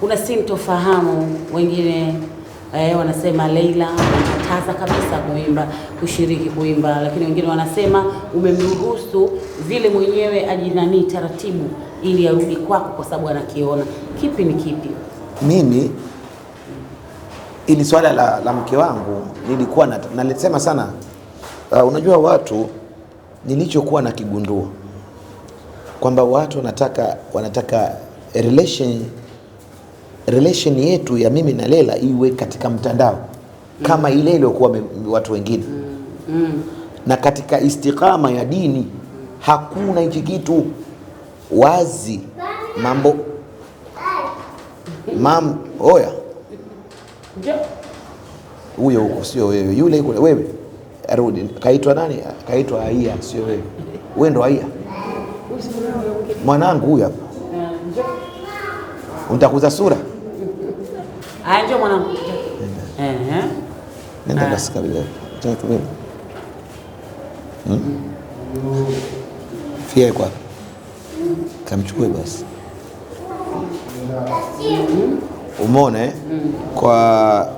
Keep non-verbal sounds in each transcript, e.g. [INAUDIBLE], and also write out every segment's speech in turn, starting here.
Kuna sintofahamu wengine eh, wanasema Leila umekataza kabisa kuimba kushiriki kuimba, lakini wengine wanasema umemruhusu vile mwenyewe ajinanii taratibu ili arudi kwako kwa sababu anakiona. Kipi ni kipi? Mimi ili swala la, la mke wangu nilikuwa nalisema sana. Uh, unajua watu nilichokuwa nakigundua kwamba watu wanataka, wanataka relation, relation yetu ya mimi na lela iwe katika mtandao kama ile iliyokuwa watu wengine mm. Mm. Na katika istiqama ya dini hakuna hichi kitu wazi mambo mam oya huyo huko sio wewe, yule yule wewe, arudi kaitwa nani? Kaitwa Aia, sio wewe, wewe ndo Aia mwanangu huyu hapa, utakuza sura mwanangu nenda basi kabila hmm? fia kwa kamchukue basi, umone eh? hmm. kwa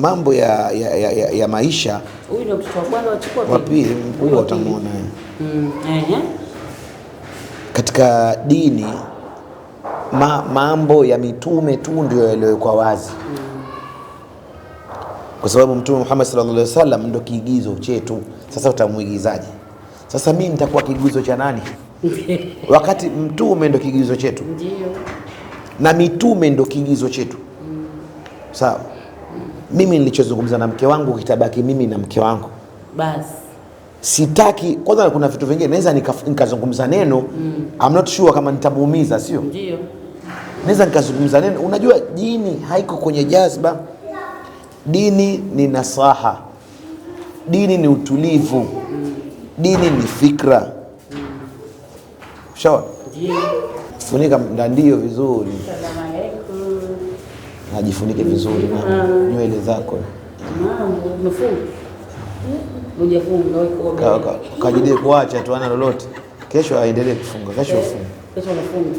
mambo ya, ya, ya, ya ya maisha, wapili mkubwa utamwona eh. hmm katika dini ma, mambo ya mitume tu ndio yaliyowekwa wazi kwa sababu Mtume Muhammad sallallahu alaihi wasallam ndio kiigizo chetu. Sasa utamuigizaje? Sasa mimi nitakuwa kiigizo cha nani [LAUGHS] wakati mtume ndio kiigizo chetu? Ndiyo. na mitume ndio kiigizo chetu mm. Sawa mm. Mimi nilichozungumza na mke wangu kitabaki mimi na mke wangu basi sitaki kwanza, kuna vitu vingine naweza nikazungumza neno mm. I'm not sure kama nitamuumiza, sio ndio? Naweza nikazungumza neno. Unajua, dini haiko kwenye jazba. Dini ni nasaha, dini ni utulivu, mm. dini ni fikra. Mm. ndio, funika mdandio vizuri, najifunike vizuri na ah. nywele zako Kajidi kuacha tu ana lolote, kesho aendelee kufunga, kesho eh, afunge. Kesho anafunga.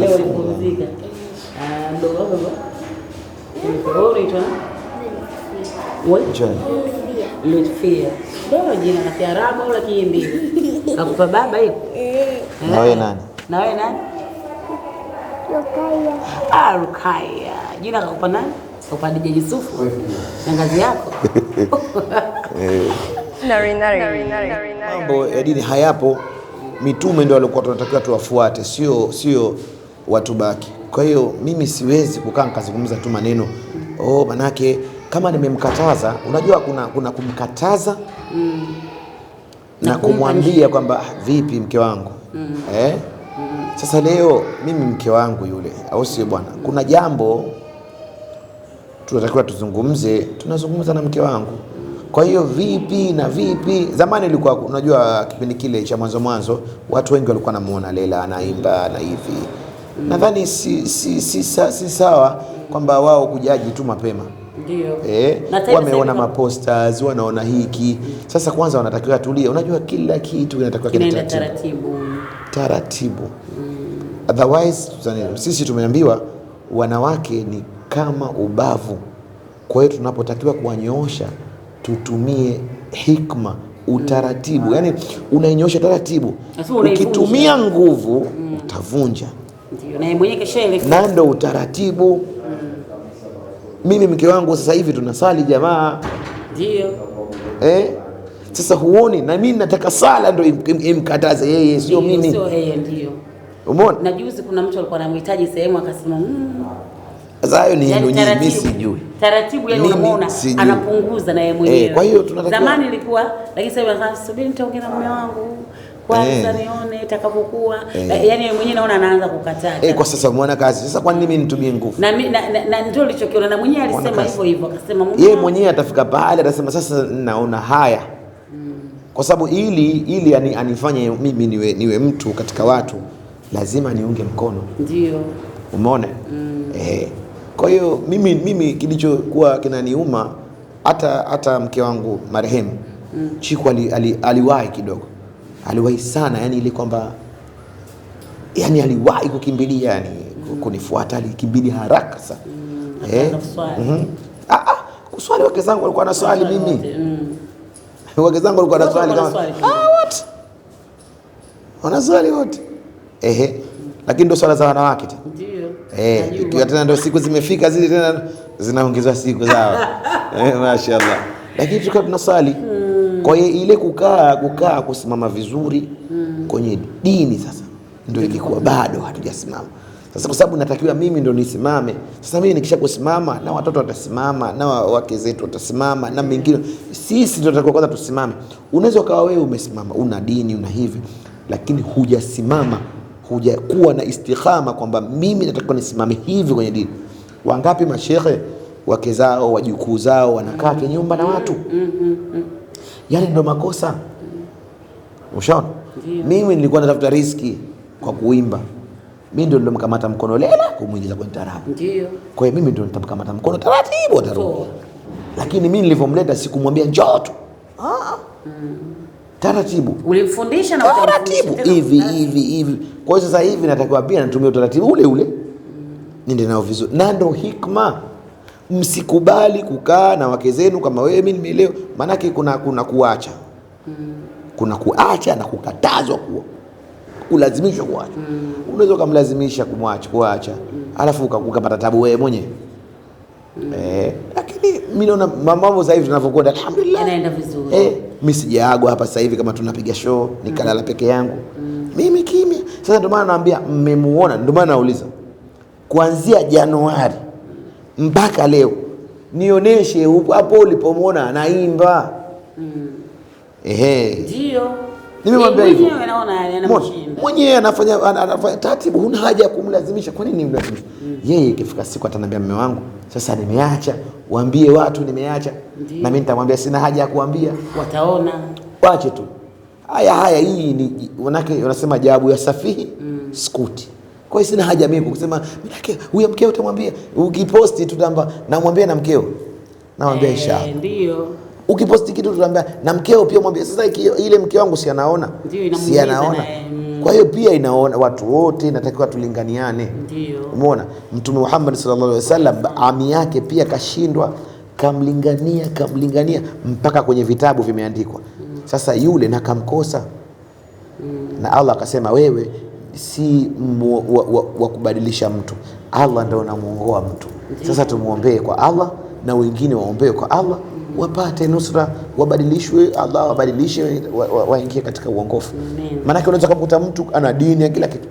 Leo alipumzika. Ah, mdogo jina la Kiarabu au la Na wewe ah, yako. [LAUGHS] Eh mambo ya dini hayapo, mitume ndio walikuwa tunatakiwa tuwafuate, sio sio watu baki. Kwa hiyo mimi siwezi kukaa nikazungumza tu maneno oh, manake kama nimemkataza, unajua kuna, kuna kumkataza mm. na kumwambia kwamba ah, vipi mke wangu mm. eh? mm. Sasa leo mimi mke wangu yule, au sio bwana, kuna jambo tunatakiwa tuzungumze, tunazungumza na mke wangu kwa hiyo vipi na vipi, zamani ilikuwa unajua, kipindi kile cha mwanzo mwanzo watu wengi walikuwa namuona Leila anaimba na hivi mm. Nadhani si, si, si, si, si sawa kwamba wao kujaji tu mapema Eh, wameona maposters wanaona hiki sasa, kwanza wanatakiwa tulie Unajua kila kitu kinatakiwa kina taratibu taratibu, mm. Otherwise sisi tumeambiwa wanawake ni kama ubavu, kwa hiyo tunapotakiwa kuwanyoosha tutumie hikma utaratibu mm. Yani unainyosha taratibu, ukitumia nguvu mm. utavunja, na ndo utaratibu mm. Mimi mke wangu sasa hivi tunasali jamaa, ndio eh? Sasa huoni, na mimi nataka sala ndo imkataze yeye, sio mimi, sio yeye. Ndio umeona, na juzi kuna mtu alikuwa anamhitaji sehemu akasema mmm. Sasa hayo ni yani, mwenyewe mimi sijui. Taratibu yani unaona anapunguza na yeye eh, mwenyewe. Kwa hiyo tunatakiwa zamani ilikuwa lakini sasa hivi subiri nitaongea na mume wangu. Kwanza eh, nione itakapokuwa Eh. Yani yeye mwenyewe naona anaanza kukataa. Eh, kwa sasa mwana kazi. Sasa kwa nini mimi nitumie nguvu? Na mimi na, na, na ndio nilichokiona na mwenyewe alisema hivyo hivyo akasema mume Yeye mwenyewe atafika pale atasema sasa naona haya. Mm. Kwa sababu ili ili anifanye mimi niwe, niwe mtu katika watu lazima niunge mkono. Ndio. Umeona? Mm. Eh. Kwa hiyo mimi, mimi kilichokuwa kinaniuma hata hata mke wangu marehemu mm. Chiku aliwahi ali, ali kidogo aliwahi sana, yani ile kwamba yani aliwahi kukimbilia yani mm. kunifuata, alikimbilia haraka sana mm. eh, mm -hmm. kuswali wake zangu walikuwa na swali mimi mm. [LAUGHS] wake zangu walikuwa na swali kama ah, what wanaswali wote ehe, lakini ndo swala za wanawake tu eh, ikiwa tena ndio siku zimefika zile tena zinaongezwa siku zao [LAUGHS] eh, mashaallah. Lakini tukiwa tunasali hmm. kwa hiyo ile kukaa kukaa kusimama vizuri hmm. kwenye dini sasa ndio ilikuwa bado hatujasimama. Sasa kwa sababu natakiwa mimi ndo nisimame. Sasa mimi nikisha kusimama na watoto watasimama na wake zetu watasimama na mengine, sisi ndio tutakuwa kwanza tusimame. Unaweza ukawa wewe umesimama, una dini, una hivi, lakini hujasimama hujakuwa na istikhama kwamba mimi natakiwa nisimame hivi kwenye dini. Wangapi mashehe wake zao wajukuu zao wanakaa mm-hmm. kinyumba na watu, mm-hmm. yaani ndo makosa. Ushaona, mimi nilikuwa natafuta riski kwa kuimba mimi ndio nilomkamata mkono Lela kumwingiza kwenye tarabu. Ndio. Kwa hiyo mimi ndio nitamkamata mkono taratibu atarudi. Lakini mimi nilivyomleta sikumwambia njoo tu. Ah. Mm taratibu, ulimfundisha na taratibu hivi hivi hivi. Kwa hiyo sasa hivi natakiwa pia nitumie utaratibu ule ule, niende nao vizuri, na ndo hikma Msikubali kukaa na wake zenu kama wewe mimi nimeelewa, maanake kuna kuna kuacha kuna kuacha na kukatazwa kuwa kulazimishwa kuacha mm. unaweza ukamlazimisha kumwacha kuacha mm. alafu ukapata tabu wewe mwenyewe mm. eh, lakini mimi naona mambo sasa hivi tunavyokwenda, alhamdulillah yanaenda vizuri eh mi sijaagwa hapa sasa hivi kama tunapiga show nikalala peke yangu mm. mimi kimya. Sasa ndio maana naambia mmemuona, ndio maana nauliza kuanzia Januari mpaka leo nionyeshe hapo ulipomwona anaimba mm. Ehe, ndio nimemwambia hivyo mwenyewe anafanya anafanya taratibu, huna haja ya kumlazimisha. Kwa nini mlazimisha? mm. Yeye ikifika siku ataniambia, mume wangu, sasa nimeacha waambie watu nimeacha, na mimi nitamwambia sina haja ya kuambia, wataona, wache tu. Haya haya, hii ni wanake wanasema jawabu ya safihi mm. Sikuti. Kwa hiyo sina haja mimi kusema mimi huyo mkeo utamwambia, ukiposti tutamba namwambia na mkeo namwambia hey, eh, insha ndio ukiposti kitu tutamba na mkeo pia mwambie. Sasa ile mke wangu si anaona, si anaona kwa hiyo pia inaona watu wote natakiwa tulinganiane. Ndio. Umeona Mtume Muhammad sallallahu alaihi wasallam ami yake pia kashindwa, kamlingania kamlingania mpaka kwenye vitabu vimeandikwa. mm. Sasa yule na kamkosa. mm. na Allah akasema wewe si wa, wa, wa kubadilisha mtu, Allah ndo anamuongoa mtu. Sasa tumwombee kwa Allah na wengine waombee kwa Allah wapate nusra, wabadilishwe, Allah wabadilishe, waingie wa, wa katika uongofu. Maanake unaweza kumkuta mtu ana dini ya kila kitu,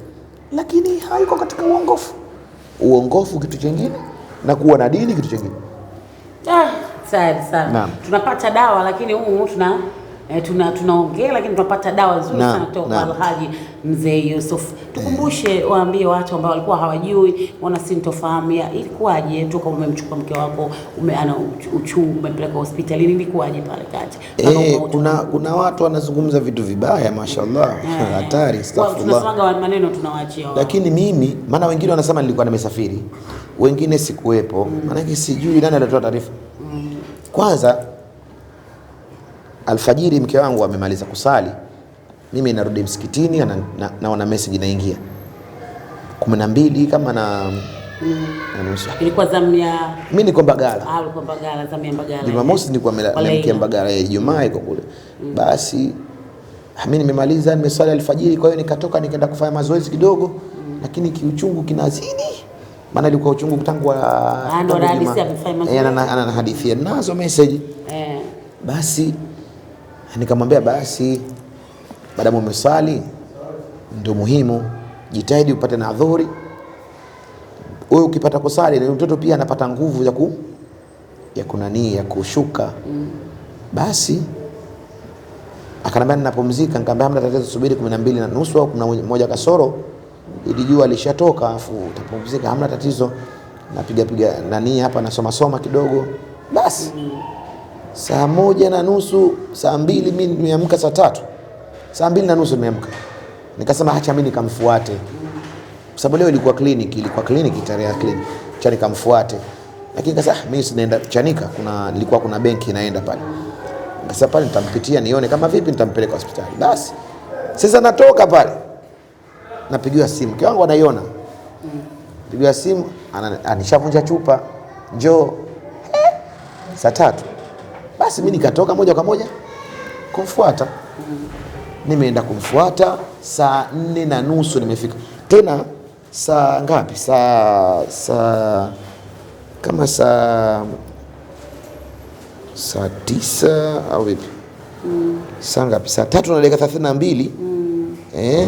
lakini hayuko katika uongofu. Uongofu kitu chengine na kuwa na dini kitu chengine. Ah, sawa sawa, tunapata dawa lakini humu tuna e, tuna tunaongea lakini tunapata dawa nzuri sana kutoka kwa Alhaji Mzee Yusuf. Tukumbushe, eh. waambie watu ambao walikuwa hawajui, wana sintofahamu, ilikuwaje kama umemchukua mke wako ume, ana uchungu umepeleka hospitalini, ilikuwaje pale kati? E, kuna kuna watu wanazungumza vitu vibaya, mashallah [LAUGHS] hatari, tunaswaga maneno tunawaachia, lakini mimi maana wengine wanasema nilikuwa nimesafiri, wengine sikuwepo, mm. maanake mm. sijui nani alitoa taarifa mm. kwanza alfajiri, mke wangu amemaliza kusali, mimi narudi msikitini, na, na, na message inaingia kumi na mbili kama na Ilikuwa zamu ya mimi niko Mbagala. Ah, uko Mbagala zamu ya Mbagala. Jumamosi niko nimeamkia Mbagala, Ijumaa iko kule. Mm. Basi mimi ah, nimemaliza nimeswali alfajiri, kwa hiyo nikatoka nikaenda kufanya mazoezi kidogo mm. Lakini kiuchungu kinazidi, maana ilikuwa uchungu tangu wa ah, eh, ana hadithi nazo message eh. Basi Nikamwambia basi, maadamu umeswali ndio muhimu, jitahidi upate na adhuhuri. Wewe ukipata kusali na mtoto pia anapata nguvu ya ku ya kunani ya kushuka Basi akanambia ninapumzika. Nikamwambia hamna tatizo, subiri kumi na mbili na nusu au kumi na moja kasoro, ili jua lishatoka, afu utapumzika, hamna tatizo. Napiga piga nani hapa, nasoma soma kidogo basi mm saa moja na nusu, saa mbili. Mi nimeamka saa tatu, saa mbili na nusu nimeamka, nikasema hacha mi nikamfuate, kwa sababu leo ilikuwa kliniki, ilikuwa kliniki tarehe ya kliniki, cha nikamfuate. Lakini kasa ah, mi sinaenda Chanika, kuna nilikuwa kuna benki inaenda pale, nikasema pale nitampitia nione kama vipi nitampeleka hospitali. Basi sasa natoka pale, napigiwa simu, mke wangu anaiona, pigiwa simu, anishavunja chupa, njoo saa tatu basi mimi nikatoka moja kwa moja kumfuata. Nimeenda kumfuata saa nne na nusu nimefika tena. Saa ngapi? Saa saa kama saa saa tisa au vipi? Mm. Saa ngapi? Saa tatu na dakika thelathini na mbili. Mm. Eh,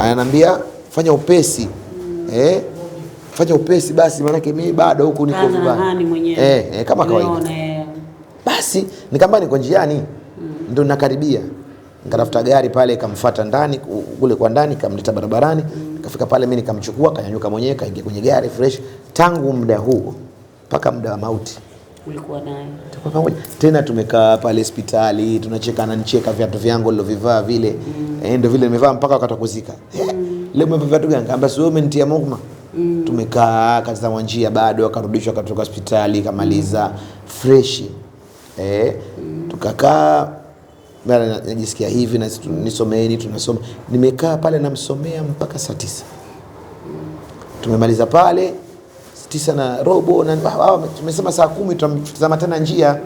ananiambia fanya upesi. Mm. Eh, fanya upesi basi, maanake mimi bado huku niko vibaya eh, eh, kama kawaida eh basi nikamba niko njiani mm. ndo nakaribia nikatafuta gari pale, kamfuata ndani kule kwa ndani, kamleta barabarani, mm. kafika pale, mimi nikamchukua, kanyanyuka mwenyewe, kaingia kwenye gari fresh. Tangu muda huo mpaka muda wa mauti ulikuwa naye pamoja. Tena tumekaa pale hospitali, tunacheka, na nicheka viatu vyangu nilovivaa vile mm. eh, ndio vile nimevaa mpaka wakati wa kuzika eh, mm. leo mmevaa viatu gani? Kaamba sio mimi nitia mugma mm. tumekaa katazama mwanjia bado akarudishwa, katoka hospitali kamaliza mm. freshi eh, tukakaa mara najisikia hivi na nisomeeni, tunasoma. Nimekaa pale namsomea mpaka saa tisa, tumemaliza pale tisa na robo na tumesema saa kumi tutazama tena njia,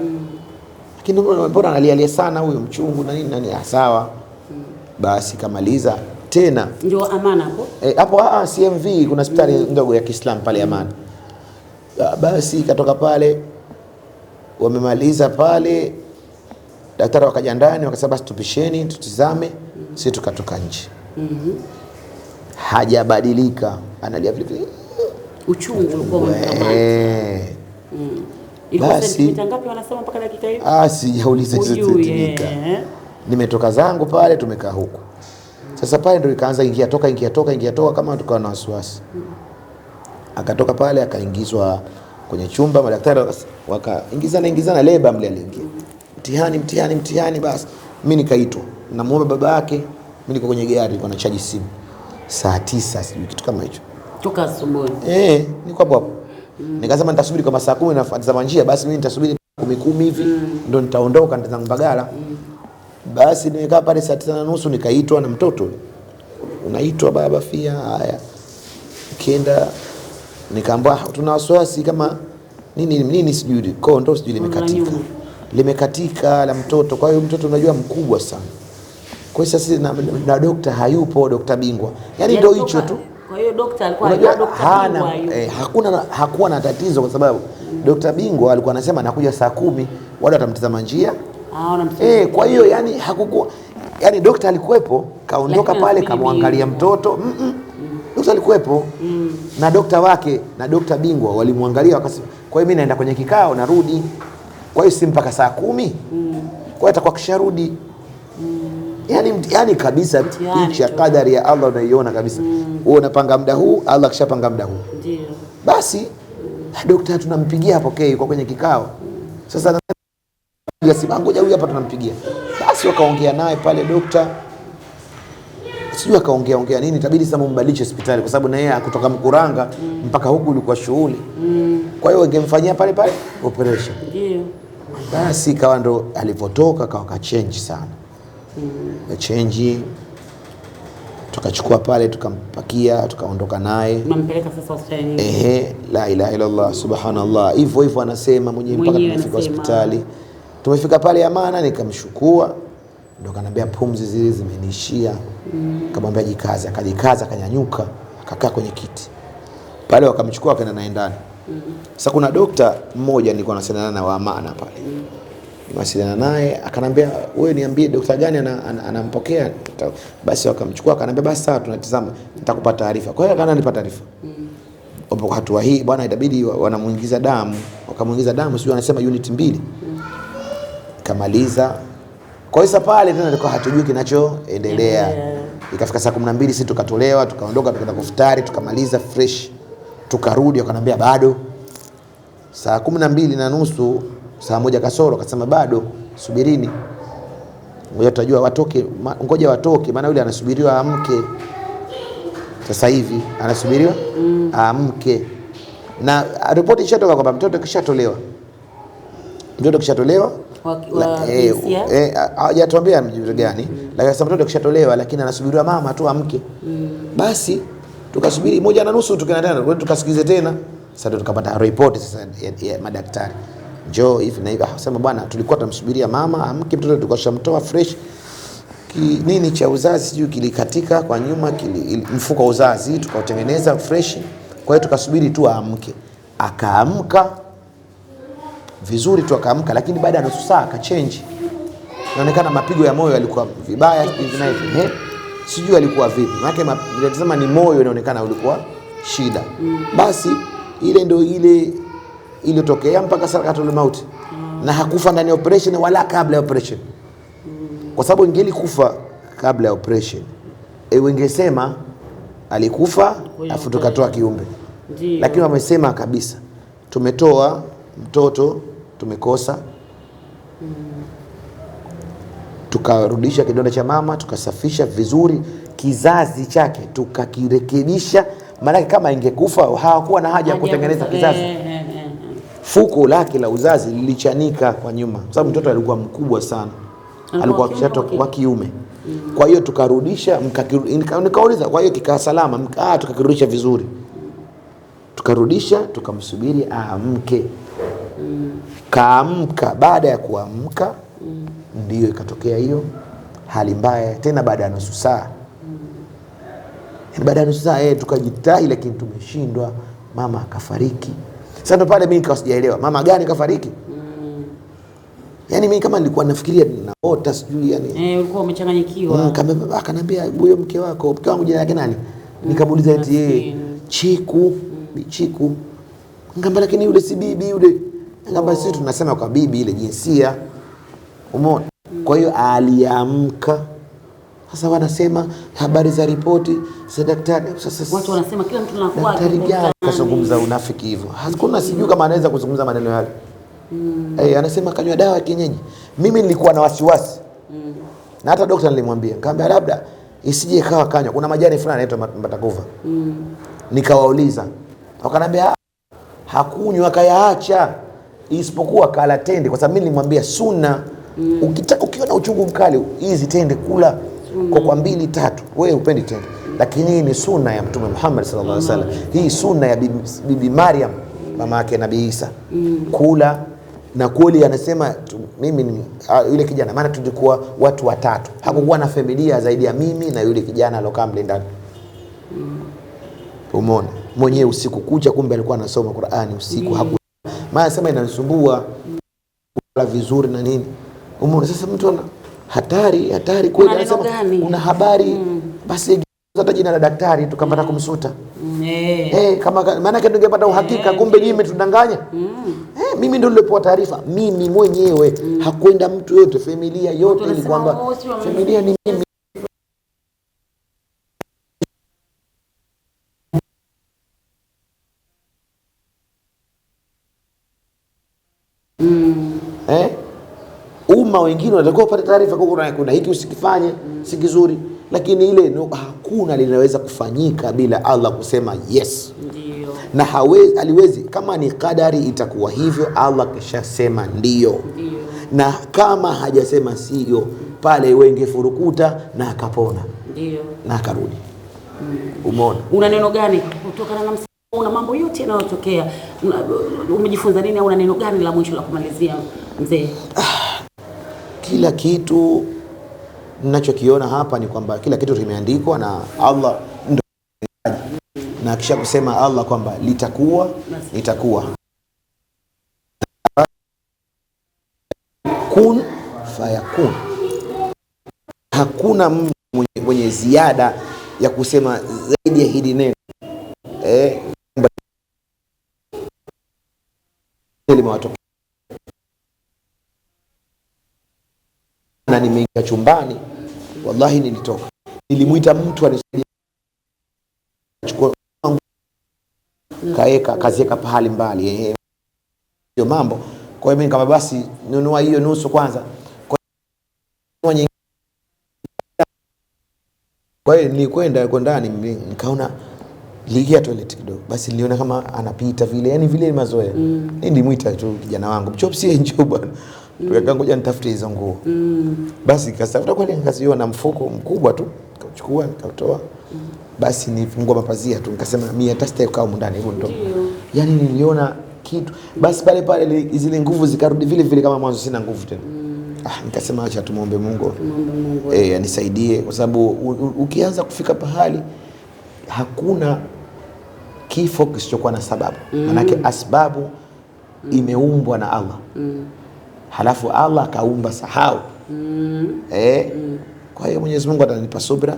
lakini mbona analialia sana huyo mchungu na nini na nani? Ah, sawa basi, kamaliza tena ndio Amana hapo eh, hapo ah, ah, CMV kuna hospitali mm. ndogo ya Kiislamu pale Amana. Basi katoka pale wamemaliza pale, daktari wakaja ndani wakasema, basi tupisheni tutizame, si tukatoka nje mm -hmm. Hajabadilika, analia vile vile, uchungu ulikuwa eh. mm. Basi ah, sijauliza eh. nimetoka zangu pale, tumekaa huku sasa. Pale ndio ikaanza ingia toka, ingia toka, ingia toka, kama tukawa na wasiwasi. Mm. Akatoka pale akaingizwa kwenye chumba, madaktari wakaingizana ingizana, leba mle aliingia mtihani mtihani mtihani. Basi mimi nikaitwa, namuomba baba yake, mimi niko kwenye gari, nilikuwa nachaji simu saa tisa, sijui kitu kama hicho, toka asubuhi eh, niko hapo hapo mm. Nikasema nitasubiri kama saa kumi natazama njia, basi mimi nitasubiri kumi kumi hivi mm. ndo nitaondoka nitazangu Mbagala mm. Basi nimekaa pale saa tisa na nusu nikaitwa na mtoto, unaitwa baba fia. Haya, ukienda Nikaambia tuna wasiwasi kama nini nini, sijui koo ndo sijui limekatika limekatika la mtoto. Kwa hiyo mtoto unajua mkubwa sana, kwa hiyo sasa na, na dokta hayupo, dokta bingwa yani yaani ndio hicho tu. Kwa hiyo dokta alikuwa unajua, hana eh, hakuna hakuwa na tatizo kwa sababu mm. Dokta bingwa alikuwa anasema nakuja saa kumi wale watamtazama njia ah, eh, kwa hiyo yani hakukua yani dokta alikuwepo kaondoka pale kamwangalia mtoto mm -mm. Yesu alikuwepo mm. na dokta wake na dokta bingwa walimwangalia wakasema, kwa hiyo mimi naenda kwenye kikao narudi, kwa hiyo si mpaka saa kumi mm. kwa hiyo atakuwa kisharudi mm. Yani, yani kabisa picha kadari ya Allah unaiona kabisa mm. wewe mm. unapanga muda huu, Allah kishapanga muda huu ndio basi. Ah, dokta tunampigia hapokei, kwa kwenye kikao sasa, ngoja huyu hapa tunampigia basi. Wakaongea naye pale dokta sijui akaongea ongea nini, itabidi sasa mumbadilishe hospitali kwa sababu na yeye kutoka Mkuranga mm. mpaka huku ilikuwa shughuli mm. kwa hiyo ingemfanyia pale pale operation ndio. Basi kawa ndo alivotoka kawa ka change sana mm. change tukachukua pale tukampakia tukaondoka naye tukampeleka sasa hospitali. Ehe, la ilaha illallah, subhanallah, hivyo hivyo anasema mwenyewe mpaka tumefika hospitali. Tumefika pale Amana, nikamshukua ndo kanambia pumzi zile zimeniishia. Mm. Kamwambia jikaze, akajikaza akanyanyuka, akakaa kwenye kiti. Pale wakamchukua akaenda naye ndani. Mm. Sasa kuna dokta mmoja nilikuwa nasiliana na Waamana pale. Mm. Nimewasiliana naye akanambia, wewe niambie dokta gani anampokea? Ana, ana basi wakamchukua akanambia, basi sawa, tunatizama nitakupa taarifa. Kwa hiyo akaanza nipa taarifa. Mm. Kwa hatua hii bwana, itabidi wanamuingiza damu, wakamuingiza damu, sio anasema unit mbili. Mm. Kamaliza kwa hiyo pale tena tulikuwa hatujui kinachoendelea yeah. Ikafika saa mbili sisi tukatolewa, tukaondoka, tukaenda kufutari, tukamaliza fresh, tukarudi, wakanambia bado. Saa 12 na nusu, saa moja kasoro, akasema bado, subirini, ngoja tutajua watoke, ngoja watoke, maana yule anasubiriwa amke sasa hivi anasubiriwa mm. amke na ripoti ishatoka kwamba mtoto kishatolewa, mtoto kishatolewa Eh, eh, hajatuambia mjumbe gani, mm. lakini sasa mtoto kishatolewa, lakini anasubiriwa mama tu amke. mm. Basi tukasubiri moja na nusu, tukaenda tena tukasikize tena, sasa tukapata report sasa ya ya madaktari, jo hivi na hivi, akasema ah, bwana, tulikuwa tunamsubiria mama amke, mtoto tukashamtoa fresh Ki, nini cha uzazi sijui kilikatika kwa nyuma kili, mfuko wa uzazi tukautengeneza fresh. Kwa hiyo tukasubiri tu aamke, akaamka vizuri tu akaamka, lakini baada ya nusu saa akachenji, inaonekana mapigo ya moyo yalikuwa vibaya hivi na hivi, he, eh? sijui alikuwa vipi, maana nilitazama ni moyo inaonekana ulikuwa shida. Basi ile ndio ile iliyotokea mpaka sakaratul mauti, na hakufa ndani ya operation wala kabla ya operation, kwa sababu ingelikufa kabla ya operation ewe ingesema alikufa afu tukatoa kiumbe, lakini wamesema kabisa tumetoa mtoto tumekosa Tukarudisha kidonda cha mama, tukasafisha vizuri kizazi chake, tukakirekebisha. Maanake kama ingekufa hawakuwa na haja ya kutengeneza kizazi. Eh, eh, eh, Fuko lake la uzazi lilichanika kwa nyuma, kwa sababu mtoto alikuwa mkubwa sana, alikuwa wa kiume. Mm. Kwa hiyo tukarudisha, nikauliza, kwa hiyo kikaa salama? Ah, tukakirudisha vizuri, tukarudisha, tukamsubiri aamke mm. kaamka. Baada ya kuamka mm. ndiyo ikatokea hiyo hali mbaya tena, baada ya nusu saa mm. baada ya nusu saa yeye eh, tukajitahi, lakini tumeshindwa, mama akafariki. Sasa ndo pale mimi nikawa sijaelewa mama gani kafariki mm. yaani mimi kama nilikuwa nafikiria naota sijui yani, eh, ulikuwa umechanganyikiwa. Mm, kama akaniambia huyo mke wako, mke wangu jina lake nani? Mm, Nikamuuliza eti yeye eh, Chiku mm. Chiku, lakini yule si bibi yule kwamba sisi tunasema kwa bibi ile jinsia, umeona? Kwa hiyo aliamka sasa, wanasema habari za ripoti za daktari. Sasa watu wanasema kila mtu anakuwa daktari gani kazungumza unafiki hivyo, hakuna mm. sijui kama anaweza kuzungumza maneno yale. Mm. Hey, eh, anasema kanywa dawa ya kienyeji. Mimi nilikuwa na wasiwasi mm. na hata daktari nilimwambia, nikamwambia labda isije ikawa kanywa, kuna majani fulani yanaitwa matakuva mm. Nikawauliza, wakanambia ah, hakunywa, akayaacha isipokuwa kala tende, kwa sababu mimi nilimwambia Suna mm. ukitaka ukiona uchungu mkali hizi tende kula mm. kwa kwa mbili tatu, wewe upendi tende mm. lakini hii ni suna ya Mtume Muhammad sallallahu alaihi wasallam mm. hii suna ya bibi, bibi Maryam mama yake Nabii Isa mm. kula na kweli anasema mimi ni yule kijana, maana tulikuwa watu watatu, hakukuwa na familia zaidi ya mimi na yule kijana alokaa mle ndani mm. Umeona mwenyewe usiku kucha, kumbe alikuwa anasoma Qur'ani usiku mm maana sema inanisumbua kula vizuri na nini. Umeona sasa mtu ana hatari hatari kweli, anasema una habari mm. basi hata jina la daktari tukapata mm. kumsuta mm. hey, eh. eh, kama maana yake tungepata eh, uhakika kumbe nyinyi mmetudanganya mm. hey, mimi ndio nilipewa taarifa mimi mwenyewe mm. hakwenda mtu yote, familia yote, ili kwamba familia ni mimi eh? Umma wengine wanatakiwa upate taarifa, kuna, kuna hiki usikifanye, si kizuri, lakini ile no, hakuna linaweza kufanyika bila Allah kusema yes. Ndiyo. na hawezi, aliwezi kama ni kadari itakuwa hivyo, Allah kishasema ndio na kama hajasema sio, pale wenge furukuta na akapona ndio na akarudi. Mm. Umeona, una neno gani kutokana na Una mambo yote yanayotokea, umejifunza nini au una neno gani la mwisho la kumalizia mzee? Kila kitu ninachokiona hapa ni kwamba kila kitu kimeandikwa na Allah ndo, na kisha kusema Allah kwamba litakuwa litakuwa, kun fayakun. Hakuna mtu mwenye ziada ya kusema zaidi ya hili neno eh. limewatokea na nimeingia chumbani, wallahi nilitoka, nilimwita mtu anisaidie chukua kaeka kazieka pahali mbali, ehe, hiyo mambo. Kwa hiyo mimi kama basi nunua hiyo nusu kwanza, kwa hiyo nilikwenda yuko ndani, nikaona liingia toilet kidogo, basi niliona kama anapita vile, yani vile ni mazoea mm. Nilimwita tu kijana wangu Mchopsie, njoo [LAUGHS] bwana mm. Ngoja nitafute hizo nguo mm. Basi kasafuta kweli, nikaziona mfuko mkubwa tu, nikachukua nikatoa mm. Basi nifungua mapazia tu, nikasema mimi hata sitakaa huko ndani, hebu nitoke. Yani niliona kitu, basi pale pale zile nguvu zikarudi vile vile kama mwanzo, sina nguvu tena mm. Ah, nikasema acha tumuombe Mungu, Tumuombe Mungu. Eh, anisaidie kwa sababu ukianza kufika pahali hakuna kifo kisichokuwa na sababu mm. Manake asbabu mm. imeumbwa na Allah mm. halafu Allah akaumba sahau mm. eh mm. Kwa hiyo Mwenyezi Mungu atanipa subra,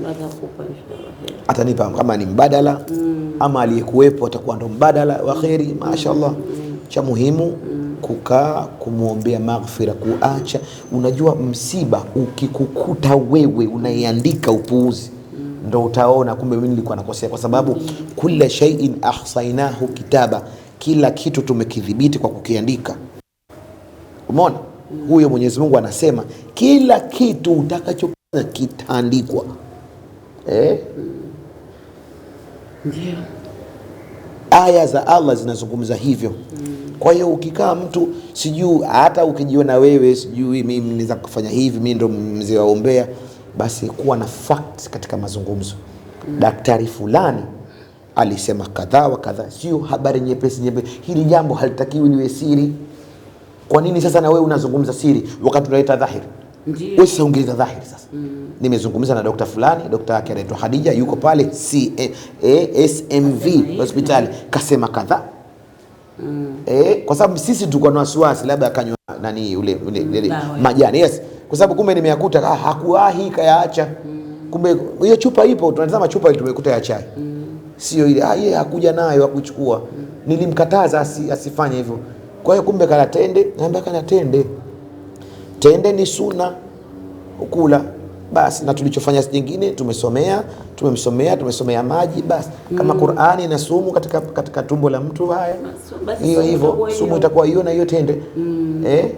atanipa kama ni mbadala mm. ama aliyekuwepo atakuwa ndo mbadala wa kheri. Mm. Mashaallah mm. cha muhimu mm. kukaa kumwombea maghfira, kuacha. Unajua msiba ukikukuta wewe unaiandika upuuzi ndo utaona kumbe mimi nilikuwa nakosea, kwa sababu kulla shay'in ahsainahu kitaba, kila kitu tumekidhibiti kwa kukiandika. Umeona huyo Mwenyezi Mungu anasema kila kitu utakachofanya kitaandikwa eh? yeah. Aya za Allah zinazungumza hivyo. Kwa hiyo ukikaa mtu sijui, hata ukijiona wewe sijui mimi naweza kufanya hivi, mimi ndo mzee waombea basi kuwa na facts katika mazungumzo mm. Daktari fulani alisema kadhaa wa kadhaa, sio habari nyepesi nyepesi. Hili jambo halitakiwi liwe siri. Kwa nini sasa na wewe unazungumza siri wakati unaleta dhahiri? Wewe sasa dhahiri sasa mm. Nimezungumza na dokta fulani, daktari yake anaitwa Hadija, yuko pale CSMV hospitali, kasema kadhaa mm. E, kwa sababu sisi tulikuwa na wasiwasi labda akanywa nani ule, ule, ule eh. majani yes, kwa sababu kumbe nimeyakuta ah, hakuwahi kayaacha mm. Kumbe hiyo chupa ipo, tunatazama chupa ile tumekuta ya chai mm. Sio ile ah, yeye hakuja nayo hakuchukua mm. Nilimkataza asi, asifanye hivyo. Kwa hiyo kumbe kala tende, naambia kala tende, tende ni suna ukula basi, na tulichofanya jingine tumesomea, tumemsomea, tumesomea maji basi. Kama Qur'ani na sumu katika, katika tumbo la mtu, haya hiyo hivyo sumu itakuwa hiyo na hiyo tende mm. eh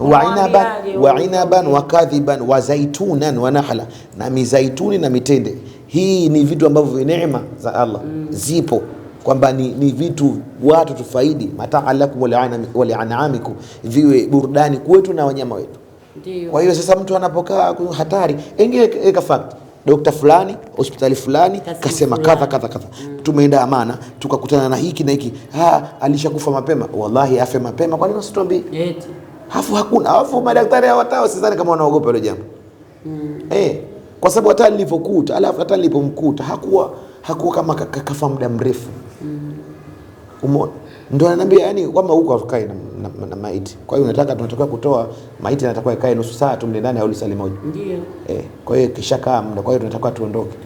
wa inaban wa inaban wa kadhiban wa zaitunan wa nahla, na mizaituni na mitende. Hii ni vitu ambavyo ni neema za Allah mm. zipo kwamba ni, ni vitu watu tufaidi, mataa lakum walianamikum, viwe burudani kwetu na wanyama wetu. Ndiyo. Kwa hiyo sasa mtu anapokaa hatari, ingie eka fact dokta fulani hospitali fulani kasema kadha kadha kadha, mm. Tumeenda Amana tukakutana na hiki na hiki, alishakufa mapema. Wallahi afe mapema, kwa nini usituambii? Hafu hakuna hafu madaktari hawatao, sidhani kama wanaogopa hilo jambo mm. Eh, kwa sababu hata nilipokuta, alafu hata nilipomkuta hakuwa hakuwa kama kafa muda mrefu mm. Umeona, ndio ananiambia yani kwamba huko akae na na, na maiti. Kwa hiyo unataka tunatakiwa kutoa maiti inatakiwa ikae nusu saa tu mle ndani au lisali moja. Ndio. Eh, kwa hiyo kishakaa muda, kwa hiyo tunatakiwa tuondoke.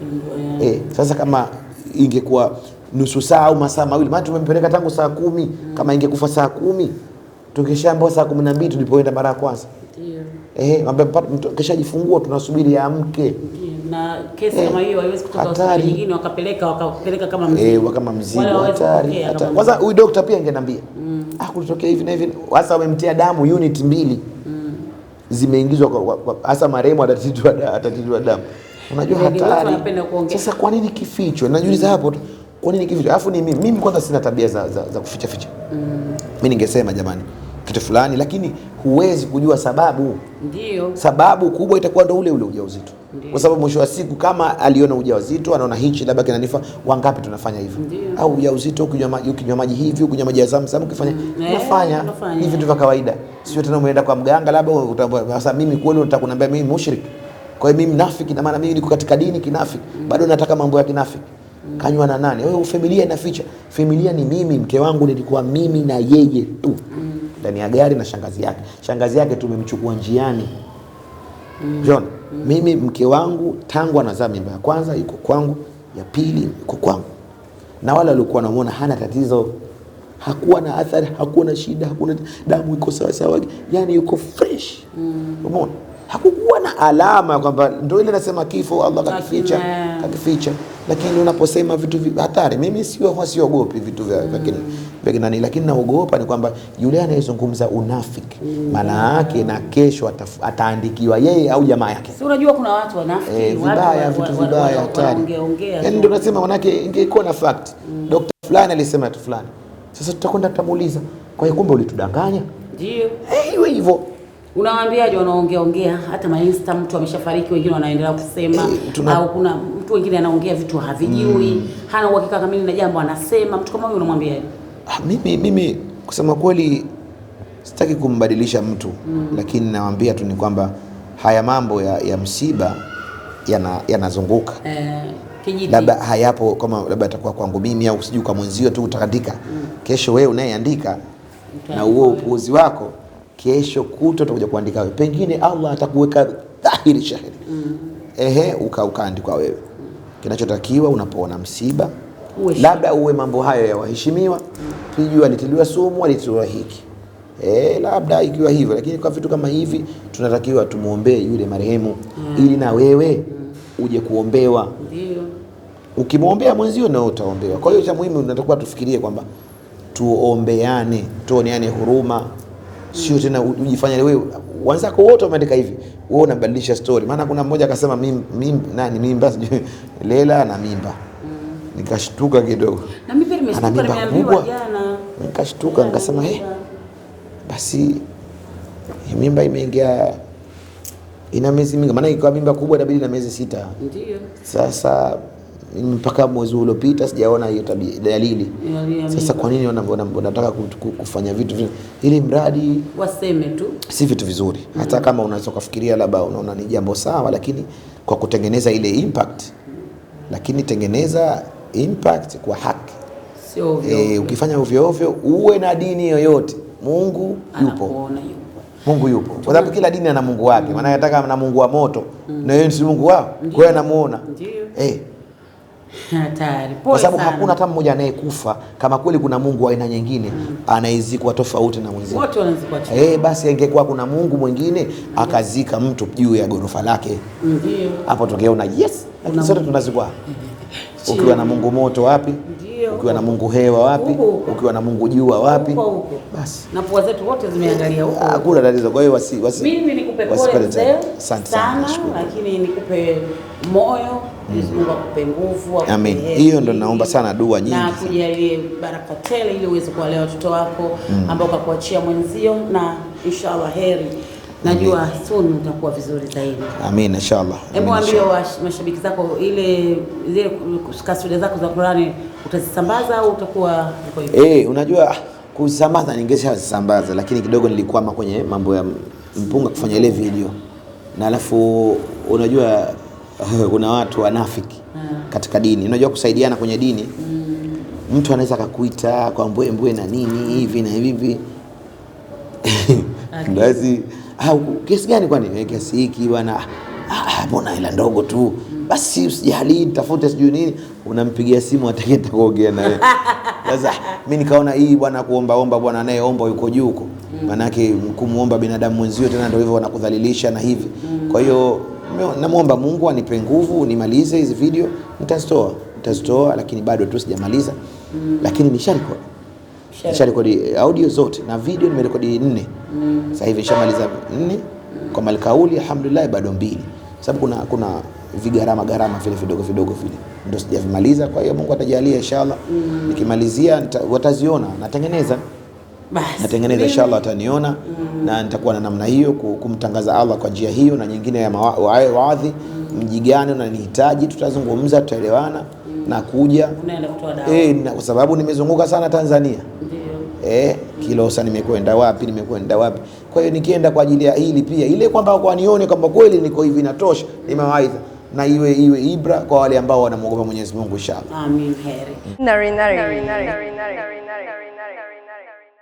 Eh, sasa kama ingekuwa nusu saa au masaa mawili, maana tumempeleka tangu saa kumi. Mm. Kama ingekufa saa kumi, tungeshaambiwa saa kumi na mbili tulipoenda mara ya kwanza. Ndio eh, kishajifungua tunasubiri amke na kesi kama eh, hiyo haiwezi kutoka hospitali nyingine wakapeleka wakapeleka kama eh, mzigo eh, kama mzigo hatari. Kwanza huyu daktari pia angeniambia mm. ah, kulitokea hivi na hivi hasa wamemtia damu unit mbili mm. zimeingizwa hasa marehemu atatitiwa atatitiwa damu, unajua hatari. Sasa kwa nini kifichwe? Najiuliza mm. hapo kwa nini kifichwe? Alafu ni mimi, mimi kwanza sina tabia za, za, za kuficha ficha mm. mimi ningesema jamani kitu fulani, lakini huwezi kujua sababu. Ndiyo. sababu kubwa itakuwa ndo ule ule ujauzito, kwa sababu mwisho wa siku kama aliona ujauzito, anaona hichi labda kinanifa. Wangapi tunafanya hivyo? Au ujauzito, ukinywa maji hivi, ukinywa maji ya Zamzam, ukifanya mm. eh, unafanya hivi ndivyo vya kawaida, sio tena umeenda kwa mganga, labda sasa mimi kweli unataka kuniambia mimi mushrik, kwa hiyo mimi mnafiki, na maana mimi niko katika dini kinafiki, mm. bado nataka mambo ya kinafiki mm. kanywa na nani? Wewe familia inaficha. Familia ni mimi, mke wangu nilikuwa mimi na yeye tu. mm ndani ya gari na shangazi yake. Shangazi yake tumemchukua njiani mm. John mm. Mimi mke wangu tangu anazaa mimba ya kwanza yuko kwangu, ya pili yuko kwangu, na wale walikuwa wanamwona hana tatizo, hakuwa na athari, hakuwa na shida, hakuna damu iko sawa sawa, yani yuko fresh mm. Umeona, hakukuwa na alama kwamba ndio ile nasema kifo Allah kakificha kakificha lakini unaposema vitu hatari, mimi sio siogopi vitu vya mm. nani, lakini naogopa ni kwamba yule anayezungumza unafiki mm. maana yake na kesho ataandikiwa yeye au jamaa yake. Si unajua kuna watu wanafiki eh, vibaya vitu vibaya hatari, yaani ndio nasema manake ingekuwa na fact mm. Dr. fulani alisema tu fulani, sasa tutakwenda tutamuuliza, kwa hiyo kumbe ulitudanganya, ndio eh, iwe hivyo Unawaambiaje wanaongea ongea, hata mainsta mtu ameshafariki, wengine wanaendelea kusema eh, Tuna... au kuna mtu wengine anaongea vitu havijui mm. hana uhakika kamili na jambo anasema. Mtu kama huyo unamwambiaje? Ah, mimi mimi kusema kweli sitaki kumbadilisha mtu mm. lakini nawaambia tu ni kwamba haya mambo ya, ya msiba yanazunguka yana eh, labda hayapo kama labda atakuwa kwangu mimi au sijui kwa mwenzio tu utakatika mm. kesho wewe unayeandika okay. na huo upuuzi wako kesho kuto utakuja kuandika wewe, pengine Allah atakuweka dhahiri shahiri mm. Ehe, uka ukaandikwa wewe mm. Kinachotakiwa unapoona msiba labda uwe mambo hayo ya waheshimiwa sijui mm. alitiliwa sumu alitiliwa hiki e, labda ikiwa hivyo, lakini kwa vitu kama hivi tunatakiwa tumuombee yule marehemu mm. ili na wewe mm. uje kuombewa. Ndio ukimwombea mwenzio na utaombewa. Kwa hiyo cha muhimu tunatakiwa tufikirie kwamba tuombeane, tuoneane huruma sio tena ujifanye wewe, wenzako wote wameandika hivi, wewe unabadilisha story. Maana kuna mmoja akasema mimi nani mimba sijui Lela na mimba mm. Nikashtuka kidogo na mimi pia nimeshtuka, nimeambiwa jana nikashtuka, nikasema eh, basi mimba imeingia ina miezi mingi, maana ikiwa mimba kubwa inabidi na miezi sita. ndio Sasa mpaka mwezi uliopita sijaona hiyo tabia dalili. Sasa kwa nini wanataka kufanya vitu vile, ili mradi waseme tu si vitu vizuri? mm -hmm. hata kama unaweza kufikiria labda unaona ni jambo sawa, lakini kwa kutengeneza ile impact, mm -hmm. lakini tengeneza impact kwa haki, sio ovyo eh, ovyo. E, ukifanya ovyo ovyo, uwe na dini yoyote, Mungu yupo Mungu yupo kwa sababu kila dini ana Mungu wake. Mm. Maana mm. anataka na Mungu wa moto mm. na yeye si Mungu wao, kwa hiyo anamuona. Ndio. Eh. Hatari. Kwa sababu hakuna hata mmoja anayekufa kama kweli kuna Mungu wa aina nyingine mm. Mm-hmm. anaezikwa tofauti na mwenzake. Wote wanazikwa chini. Eh, basi angekuwa kuna Mungu mwingine akazika mtu juu ya gorofa lake. Ndio. Hapo tungeona yes, lakini sote tunazikwa. [LAUGHS] Ukiwa na Mungu moto wapi? Ndio. Ukiwa na Mungu hewa wapi? Uko, Ukiwa na Mungu jua wapi? Uko, uko. Basi. Na pua zetu wote zimeangalia huko. Hakuna tatizo. Kwa hiyo wasi wasi. Mimi nikupe pole Asante sana lakini nikupe moyo Mungu akupe nguvu. Amen. Hiyo ndo naomba sana dua nyingi. Na kujalie baraka tele ili uweze kuwalea watoto wako mm. ambao kakuachia mwenzio na inshallah heri. Najua soon utakuwa vizuri zaidi. Amen, inshallah. Hebu ambie mashabiki zako ile zile kaswida zako za Qur'ani utazisambaza au utakuwa uko hivyo? Eh, unajua kusambaza ningeshasambaza lakini kidogo nilikwama kwenye mambo ya mpunga kufanya ile video. Na alafu unajua [LAUGHS] kuna watu wanafiki ah. katika dini. Unajua kusaidiana kwenye dini mm. mtu anaweza akakuita kwa mbwe mbwe na nini ah. hivi na hivi basi [LAUGHS] kesi gani? Kwani eh, kesi hiki bwana, ah, mbona hela ndogo tu mm. basi, usijali tafute sijui nini. Unampigia simu atake takuongea naye. [LAUGHS] Sasa mimi nikaona hii bwana, kuombaomba bwana anayeomba yuko juu huko, mm. maanake kumwomba binadamu mwenzio, tena ndio hivyo wanakudhalilisha na hivi, mm. kwa hiyo namwomba Mungu anipe nguvu nimalize hizi video, nitazitoa nitazitoa, lakini bado tu sijamaliza mm. lakini nisharekodi nisharekodi eh, audio zote na video nimerekodi nne mm. sasa hivi nishamaliza nne mm. kwa malkauli alhamdulillah, bado mbili, sababu kuna kuna vigarama garama vile vidogo vidogo vile ndio sijavimaliza. Kwa hiyo Mungu atajalia inshallah mm. nikimalizia wataziona natengeneza natengeneza, inshallah ataniona mm. na nitakuwa na namna hiyo kumtangaza Allah kwa njia hiyo na nyingine ya waadhi mm. mjigani unanihitaji, tutazungumza, tutaelewana mm. na kuja e, na kwa sababu nimezunguka sana Tanzania e, Kilosa nimekwenda wapi, nimekwenda wapi. Kwa hiyo nikienda kwa ajili ya hili pia, ile kwamba kwa nione kwamba kweli niko hivi, natosha, nimewaidha na iwe iwe ibra kwa wale ambao wanamwogopa Mwenyezi Mungu inshallah. Amin. Heri. Nari, nari. Nari, nari. Nari, nari. Nari, nari.